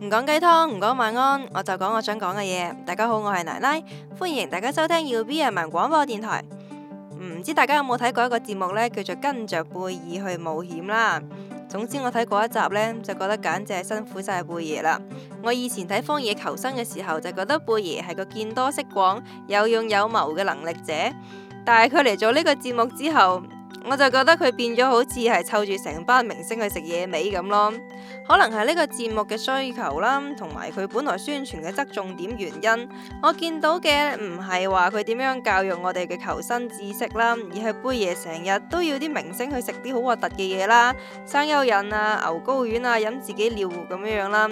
唔講雞湯，唔講晚安，我就講我想講嘅嘢。大家好，我係奶奶，歡迎大家收聽耀 B 人民廣播電台。唔、嗯、知大家有冇睇過一個節目呢，叫做《跟着貝爾去冒險》啦。總之我睇過一集呢，就覺得簡直係辛苦晒貝爺啦。我以前睇《荒野求生》嘅時候就覺得貝爺係個見多識廣、有勇有謀嘅能力者，但係佢嚟做呢個節目之後。我就覺得佢變咗好似係湊住成班明星去食野味咁咯，可能係呢個節目嘅需求啦，同埋佢本來宣傳嘅側重點原因。我見到嘅唔係話佢點樣教育我哋嘅求生知識啦，而係貝爺成日都要啲明星去食啲好核突嘅嘢啦，生蚯蚓啊、牛高丸啊、飲自己尿咁樣樣啦，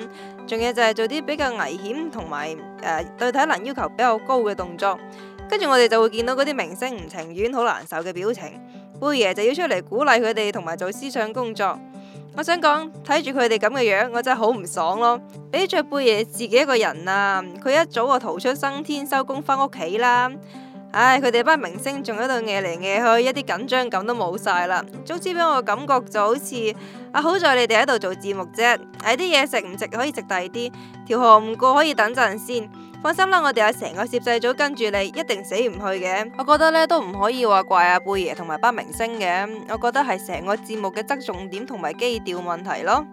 仲有就係做啲比較危險同埋誒對體能要求比較高嘅動作，跟住我哋就會見到嗰啲明星唔情願、好難受嘅表情。貝爺就要出嚟鼓勵佢哋同埋做思想工作，我想講睇住佢哋咁嘅樣，我真係好唔爽咯！比着貝爺自己一個人啊，佢一早就逃出生天收工翻屋企啦！唉，佢哋班明星仲喺度嗌嚟嗌去，一啲緊張感都冇晒啦！總之俾我感覺就好似啊，好在你哋喺度做節目啫，睇啲嘢食唔食可以食第啲，條河唔過可以等陣先。放心啦，我哋有成個攝製組跟住你，一定死唔去嘅。我覺得咧都唔可以話怪阿貝爺同埋班明星嘅，我覺得係成個節目嘅側重點同埋基調問題咯。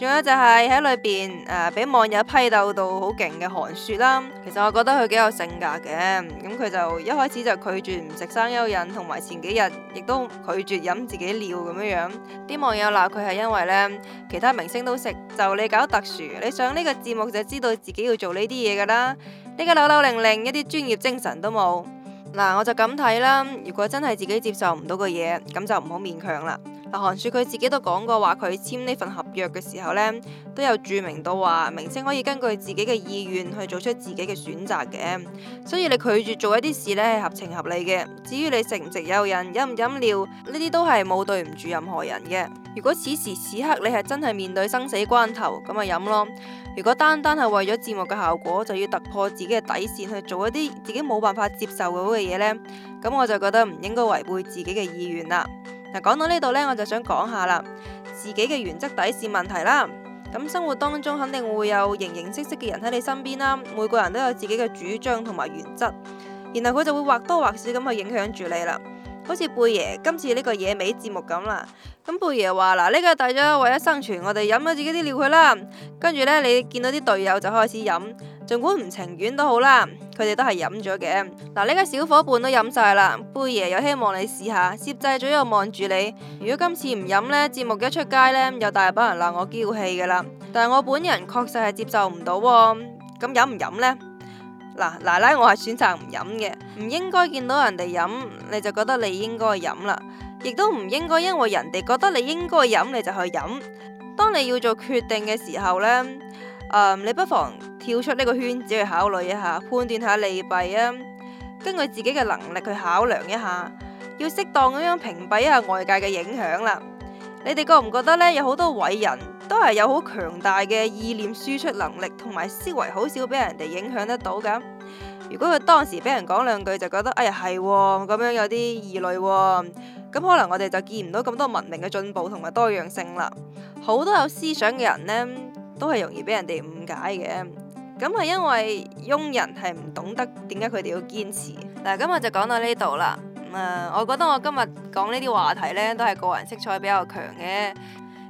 仲有就係喺裏邊誒，俾、呃、網友批鬥到好勁嘅韓雪啦。其實我覺得佢幾有性格嘅，咁佢就一開始就拒絕唔食生蚯蚓，同埋前幾日亦都拒絕飲自己尿咁樣樣。啲網友鬧佢係因為呢，其他明星都食，就你搞特殊。你上呢個節目就知道自己要做呢啲嘢㗎啦。呢個扭扭擰擰，一啲專業精神都冇。嗱，我就咁睇啦。如果真係自己接受唔到個嘢，咁就唔好勉強啦。嗱，韓雪佢自己都講過話，佢簽呢份合約嘅時候呢，都有註明到話，明星可以根據自己嘅意願去做出自己嘅選擇嘅。所以你拒絕做一啲事呢，係合情合理嘅。至於你食唔食有仁飲唔飲料，呢啲都係冇對唔住任何人嘅。如果此時此刻你係真係面對生死關頭，咁咪飲咯。如果單單係為咗節目嘅效果，就要突破自己嘅底線去做一啲自己冇辦法接受到嘅嘢呢，咁我就覺得唔應該違背自己嘅意願啦。講到呢度呢，我就想講下啦，自己嘅原則底線問題啦。咁生活當中肯定會有形形色色嘅人喺你身邊啦，每個人都有自己嘅主張同埋原則，然後佢就會或多或少咁去影響住你啦。好似貝爺今次呢個野味節目咁啦，咁貝爺話，嗱，呢個大咗，為咗生存，我哋飲咗自己啲尿佢啦。跟住呢，你見到啲隊友就開始飲。儘管唔情願都好啦，佢哋都係飲咗嘅嗱。呢個小伙伴都飲晒啦，貝爺又希望你試下，攝製組又望住你。如果今次唔飲呢，節目一出街呢，又大把人鬧我嬌氣噶啦。但係我本人確實係接受唔到，咁飲唔飲呢？嗱，奶奶我係選擇唔飲嘅，唔應該見到人哋飲你就覺得你應該飲啦，亦都唔應該因為人哋覺得你應該飲你就去飲。當你要做決定嘅時候呢、呃，你不妨～跳出呢個圈子去考慮一下，判斷下利弊啊，根據自己嘅能力去考量一下，要適當咁樣屏蔽一下外界嘅影響啦。你哋覺唔覺得呢？有好多偉人都係有好強大嘅意念輸出能力，同埋思維好少俾人哋影響得到噶。如果佢當時俾人講兩句，就覺得哎呀係咁樣有啲疑慮，咁可能我哋就見唔到咁多文明嘅進步同埋多樣性啦。好多有思想嘅人呢，都係容易俾人哋誤解嘅。咁係因為庸人係唔懂得點解佢哋要堅持。嗱，今日就講到呢度啦。咁我覺得我今日講呢啲話題呢，都係個人色彩比較強嘅。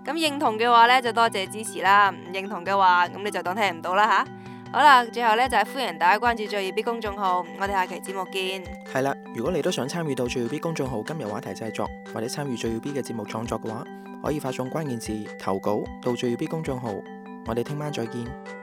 咁認同嘅話呢，就多謝支持啦。唔認同嘅話，咁你就當聽唔到啦吓。好啦，最後呢就係歡迎大家關注最耀 B 公眾號。我哋下期節目見。係啦，如果你都想參與到最耀 B 公眾號今日話題製作，或者參與最耀 B 嘅節目創作嘅話，可以發送關鍵字投稿到最耀 B 公眾號。我哋聽晚再見。